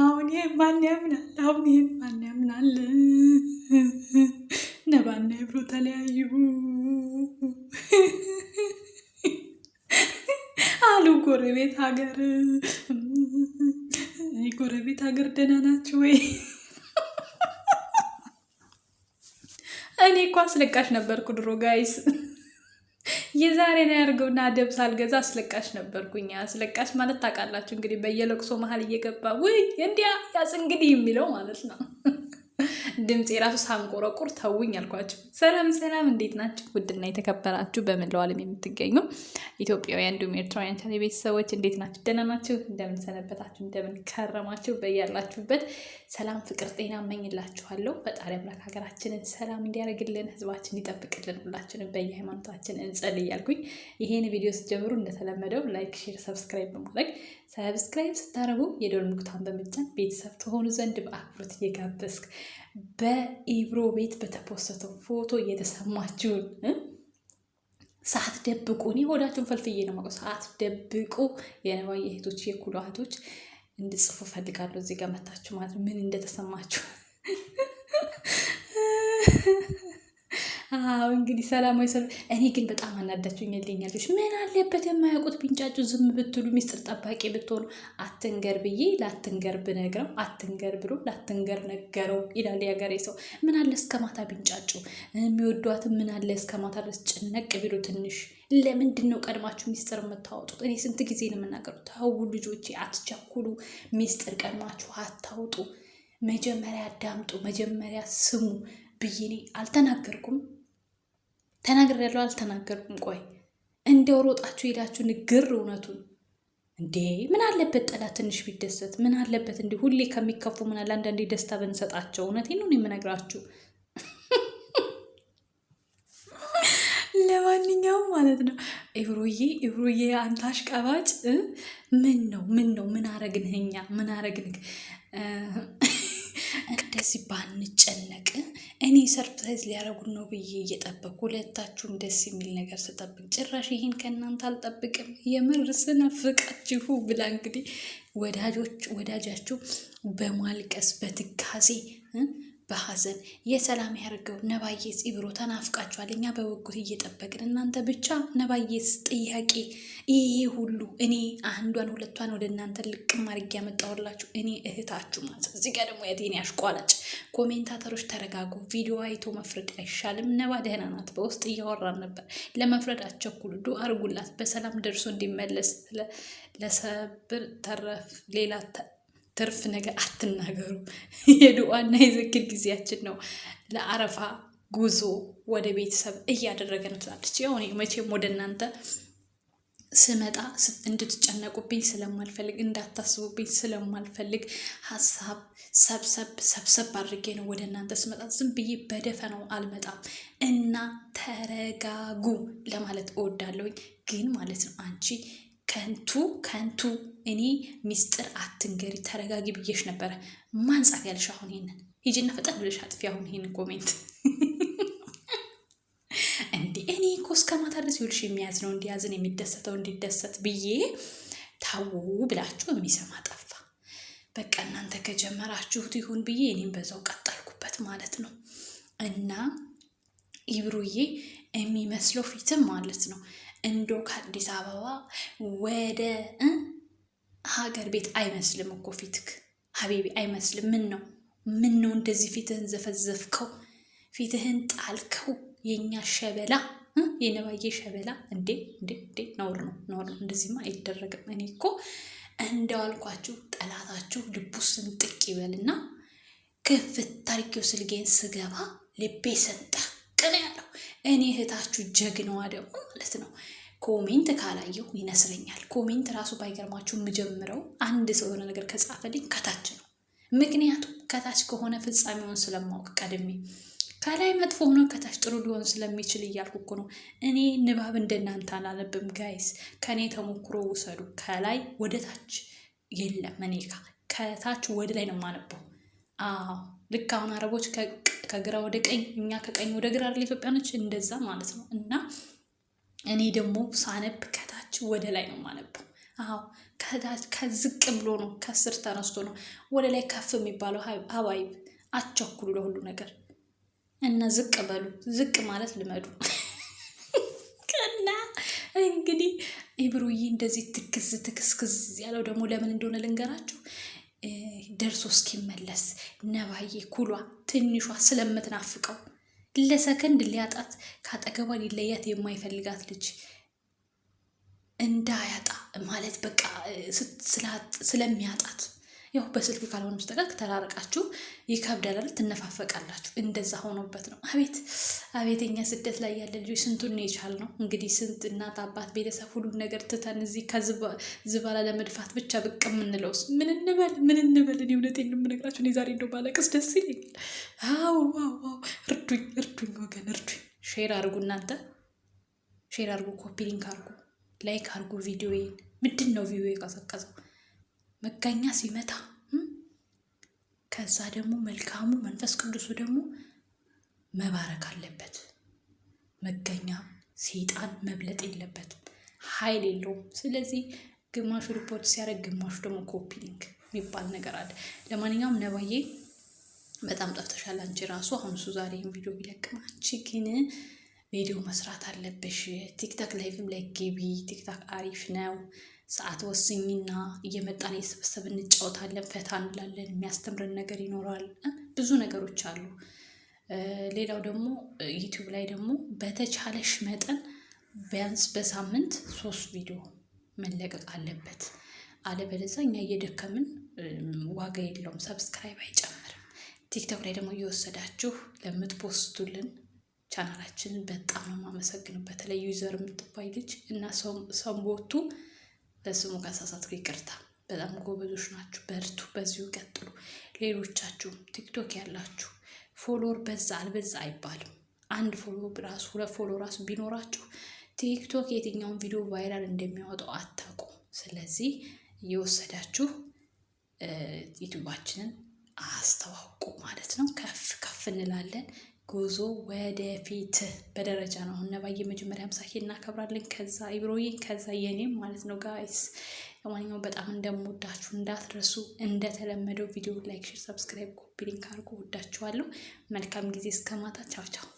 አሁን ይህን ማን ያምናል? አሁን ይህን ማን ያምናል? ነባና ተለያዩ አሉ ጎረቤት ሀገር። የጎረቤት ሀገር ደህና ናቸው ወይ? እኔ እኮ አስለቃሽ ነበርኩ ድሮ ጋይስ። የዛሬን ያርገውና ደብስ አልገዛ አስለቃሽ ነበርኩኝ። አስለቃሽ ማለት ታውቃላችሁ እንግዲህ በየለቅሶ መሀል እየገባ ውይ እንዲያ ያጽ እንግዲህ የሚለው ማለት ነው። ድምፅ የራሱ ሳንቆረቁር ተውኝ አልኳቸው። ሰላም ሰላም፣ እንዴት ናቸው? ውድና የተከበራችሁ በመላው ዓለም የምትገኙ ኢትዮጵያውያን እንዲሁም ኤርትራውያን ቻናል ቤተሰቦች እንዴት ናቸው? ደህና ናቸው? እንደምንሰነበታችሁ፣ ሰነበታችሁ? በያላችሁበት ሰላም፣ ፍቅር፣ ጤና እመኝላችኋለሁ። ፈጣሪ አምላክ ሀገራችንን ሰላም እንዲያደርግልን፣ ህዝባችን እንዲጠብቅልን፣ ሁላችንም በየሃይማኖታችን እንጸልይ እያልኩኝ ይሄን ቪዲዮ ስትጀምሩ እንደተለመደው ላይክ፣ ሼር፣ ሰብስክራይብ በማድረግ ሰብስክራይብ ስታደርጉ የደወል ምልክቱን በመጫን ቤተሰብ ትሆኑ ዘንድ በአክብሮት እየጋበዝኩ በኢብሮ ቤት በተፖሰተው ፎቶ እየተሰማችሁን ሰዓት ደብቁ። እኔ ሆዳችሁን ፈልፍዬ ነው የማውቀው። ሰዓት ደብቁ የነባዬ እህቶች፣ የኩሎ እህቶች እንድጽፉ ፈልጋሉ። እዚህ ጋር መታችሁ ማለት ምን እንደተሰማችሁ አዎ እንግዲህ ሰላማዊ ሰልፍ። እኔ ግን በጣም አናዳችሁኝ። ልኛለች ምን አለበት የማያውቁት ቢንጫጩ፣ ዝም ብትሉ፣ ሚስጥር ጠባቂ ብትሆኑ። አትንገር ብዬ ላትንገር ብነግረው አትንገር ብሎ ላትንገር ነገረው ይላል ያገሬ ሰው። ምን አለ እስከ ማታ ቢንጫጩ፣ የሚወዷትም ምን አለ እስከ ማታ ድረስ ጭነቅ ቢሉ ትንሽ ለምንድን ነው ቀድማችሁ ሚስጥር የምታወጡት? እኔ ስንት ጊዜ ነው የምናገሩ? ተው ልጆቼ፣ አትቸኩሉ። ሚስጥር ቀድማችሁ አታውጡ። መጀመሪያ አዳምጡ፣ መጀመሪያ ስሙ ብዬኔ አልተናገርኩም። ተናግር ያለው አልተናገርኩም። ቆይ እንደው ሮጣችሁ ሄዳችሁ ንግር እውነቱን እንዴ ምን አለበት ጠላት ትንሽ ቢደሰት ምን አለበት እንዲ ሁሌ ከሚከፉ ምን አለ አንዳንዴ ደስታ ብንሰጣቸው እውነቴን ነው የምነግራችሁ ለማንኛውም ማለት ነው ኢብሮዬ ኢብሮዬ አንተ አሽቃባጭ ምን ነው ምን ነው ምን አረግንህ እኛ ምን አረግንህ እንደዚህ ባንጨነቅ። እኔ ሰርፕራይዝ ሊያረጉን ነው ብዬ እየጠበቁ ሁለታችሁም ደስ የሚል ነገር ስጠብቅ ጭራሽ ይሄን ከእናንተ አልጠብቅም፣ የምር ፍቃችሁ ብላ እንግዲህ ወዳጆች ወዳጃችሁ በማልቀስ በትካዜ በሀዘን የሰላም ያርገው። ነባዬስ ኢብሮ ተናፍቃችኋል። እኛ በጉጉት እየጠበቅን እናንተ ብቻ ነባዬስ ጥያቄ ይሄ ሁሉ እኔ አንዷን ሁለቷን ወደ እናንተ ልቅም አድርጌ ያመጣሁላችሁ እኔ እህታችሁ ማለት ነው። እዚህ ደግሞ የቴን ያሽቋላጭ ኮሜንታተሮች ተረጋጉ። ቪዲዮ አይቶ መፍረድ አይሻልም? ነባ ደህና ናት። በውስጥ እያወራን ነበር። ለመፍረድ አትቸኩሉ። ዱ አርጉላት በሰላም ደርሶ እንዲመለስ ለሰብር ተረፍ ሌላ ትርፍ ነገር አትናገሩ። የዱዓና የዝክር ጊዜያችን ነው። ለአረፋ ጉዞ ወደ ቤተሰብ እያደረገ ነው ትላለች። ያው እኔ መቼም ወደ እናንተ ስመጣ እንድትጨነቁብኝ ስለማልፈልግ እንዳታስቡብኝ ስለማልፈልግ ሀሳብ ሰብሰብ ሰብሰብ አድርጌ ነው ወደ እናንተ ስመጣ። ዝም ብዬ በደፈናው አልመጣም እና ተረጋጉ ለማለት እወዳለሁኝ። ግን ማለት ነው አንቺ ከንቱ ከንቱ እኔ ሚስጥር አትንገሪ ተረጋጊ ብዬሽ ነበረ። ማን ጻፍ ያለሽ? አሁን ይሄንን ሂጂና ፈጠን ብለሽ አጥፊ። አሁን ይሄንን ኮሜንት እንዴ እኔ እኮ እስከ ማታ ድረስ ይኸውልሽ የሚያዝ ነው እንዲያዝን የሚደሰተው እንዲደሰት ብዬ ታው ብላችሁ የሚሰማ ጠፋ። በቃ እናንተ ከጀመራችሁት ይሁን ብዬ እኔም በዛው ቀጠልኩበት ማለት ነው እና ኢብሩዬ የሚመስለው ፊትም ማለት ነው እንዶ ከአዲስ አበባ ወደ ሀገር ቤት አይመስልም እኮ ፊትክ ሀቢቢ አይመስልም። ምን ነው ምን ነው እንደዚህ ፊትህን ዘፈዘፍከው? ፊትህን ጣልከው? የኛ ሸበላ የነባዬ ሸበላ እንዴ እንዴ እንዴ! ነውር ነው ነውር ነው። እንደዚህማ አይደረግም። እኔ እኮ እንደዋልኳችሁ ጠላታችሁ ልቡ ስንጥቅ ይበልና ክፍት ታሪኪው ስልጌን ስገባ ልቤ ሰንጠቅ ነው ያለው። እኔ እህታችሁ ጀግናዋ ደግሞ ማለት ነው ኮሜንት ካላየው ይነስረኛል። ኮሜንት ራሱ ባይገርማችሁ የምጀምረው አንድ ሰው የሆነ ነገር ከጻፈልኝ ከታች ነው። ምክንያቱም ከታች ከሆነ ፍጻሜውን ስለማወቅ ቀድሜ ከላይ መጥፎ ሆኖ ከታች ጥሩ ሊሆን ስለሚችል እያልኩ እኮ ነው። እኔ ንባብ እንደናንተ አላነብም ጋይስ፣ ከእኔ ተሞክሮ ውሰዱ። ከላይ ወደ ታች የለም እኔ ከታች ወደ ላይ ነው የማነበው። አዎ ልክ አሁን አረቦች ከግራ ወደ ቀኝ፣ እኛ ከቀኝ ወደ ግራ ኢትዮጵያኖች እንደዛ ማለት ነው እና እኔ ደግሞ ሳነብ ከታች ወደ ላይ ነው የማነበው። አዎ ከዝቅ ብሎ ነው ከስር ተነስቶ ነው ወደ ላይ ከፍ የሚባለው። ሀባይብ አቸኩሉ ለሁሉ ነገር እና ዝቅ በሉ። ዝቅ ማለት ልመዱ። እና እንግዲህ ኢብሩዬ እንደዚህ ትክዝ ትክስክዝ ያለው ደግሞ ለምን እንደሆነ ልንገራችሁ። ደርሶ እስኪመለስ ነባዬ ኩሏ ትንሿ ስለምትናፍቀው ለሰከንድ ሊያጣት ከአጠገቧ ሊለያት የማይፈልጋት ልጅ እንዳያጣ ማለት በቃ ስለሚያጣት ያው በስልክ ካልሆነ በስተቀር ተራርቃችሁ ይከብዳላል፣ ትነፋፈቃላችሁ። እንደዛ ሆኖበት ነው። አቤት አቤት፣ እኛ ስደት ላይ ያለ ልጆች ስንቱን የቻል ነው እንግዲህ ስንት እናት አባት፣ ቤተሰብ ሁሉን ነገር ትተን እዚህ ከዝባላ ለመድፋት ብቻ ብቅ የምንለውስ ምን እንበል ምን እንበል? እኔ እውነቴን ነው የምነግራችሁ። እኔ ዛሬ እንደው ባለቅስ ደስ ይለኛል። አዎ ዋው፣ እርዱኝ፣ እርዱኝ ወገን እርዱኝ። ሼር አድርጉ እናንተ ሼር አድርጉ፣ ኮፒ ሊንክ አድርጉ፣ ላይክ አድርጉ ቪዲዮዬን። ምንድን ነው ቪዲዮ የቀዘቀዘው? መጋኛ ሲመታ ከዛ ደግሞ መልካሙ መንፈስ ቅዱሱ ደግሞ መባረክ አለበት። መገኛ ሰይጣን መብለጥ የለበትም፣ ኃይል የለውም። ስለዚህ ግማሹ ሪፖርት ሲያደርግ፣ ግማሹ ደግሞ ኮፒንግ የሚባል ነገር አለ። ለማንኛውም ነባዬ በጣም ጠፍተሻል። አንቺ ራሱ አሁን እሱ ዛሬ ቪዲዮ ቢለቅም አንቺ ግን ቪዲዮ መስራት አለብሽ። ቲክታክ ላይቭም ላይ ገቢ፣ ቲክታክ አሪፍ ነው። ሰዓት ወስኝና እየመጣን እየሰበሰብ እንጫወታለን፣ ፈታ እንላለን። የሚያስተምርን ነገር ይኖራል። ብዙ ነገሮች አሉ። ሌላው ደግሞ ዩቲዩብ ላይ ደግሞ በተቻለሽ መጠን ቢያንስ በሳምንት ሶስት ቪዲዮ መለቀቅ አለበት። አለበለዛ እኛ እየደከምን ዋጋ የለውም፣ ሰብስክራይብ አይጨምርም። ቲክቶክ ላይ ደግሞ እየወሰዳችሁ ለምትፖስቱልን ቻናላችንን በጣም ነው የማመሰግነው። በተለይ ዩዘር የምትባይ ልጅ እና ሰንቦቱ ለስሙ ካሳሳትኩ ይቅርታ። በጣም ጎበዞች ናችሁ፣ በርቱ፣ በዚሁ ቀጥሉ። ሌሎቻችሁ ቲክቶክ ያላችሁ ፎሎወር በዛ አልበዛ አይባልም። አንድ ፎሎ ራሱ ሁለት ፎሎ ራሱ ቢኖራችሁ ቲክቶክ የትኛውን ቪዲዮ ቫይራል እንደሚያወጣው አታውቁም። ስለዚህ እየወሰዳችሁ ዩቱባችንን አስተዋውቁ ማለት ነው። ከፍ ከፍ እንላለን። ጉዞ ወደፊት በደረጃ ነው። አሁን መጀመሪያ ምሳኪ እናከብራለን፣ ከዛ ኢብሮዬን፣ ከዛ የኔም ማለት ነው ጋይስ። ለማንኛውም በጣም እንደምወዳችሁ እንዳትረሱ። እንደተለመደው ቪዲዮ ላይክ፣ ሼር፣ ሰብስክራይብ፣ ኮፒ ሊንክ አድርጎ ወዳችኋለሁ። መልካም ጊዜ እስከ ማታ። ቻው ቻው።